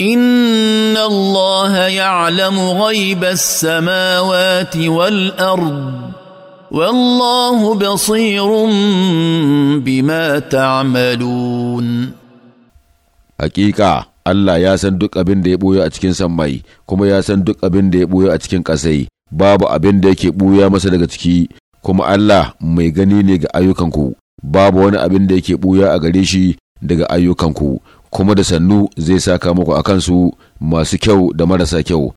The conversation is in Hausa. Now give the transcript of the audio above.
ان الله يعلم غيب السماوات والارض والله بصير بما تعملون حقيقه Allah ya san duk abinda ya buya a cikin sammai kuma ya san duk abinda ya buya a cikin ƙasai babu abin da yake ɓuya masa daga ciki kuma Allah mai gani ne ga ayyukanku babu wani abin da yake buya a gare shi daga ayyukanku kuma da sannu zai saka muku a kansu masu kyau da marasa kyau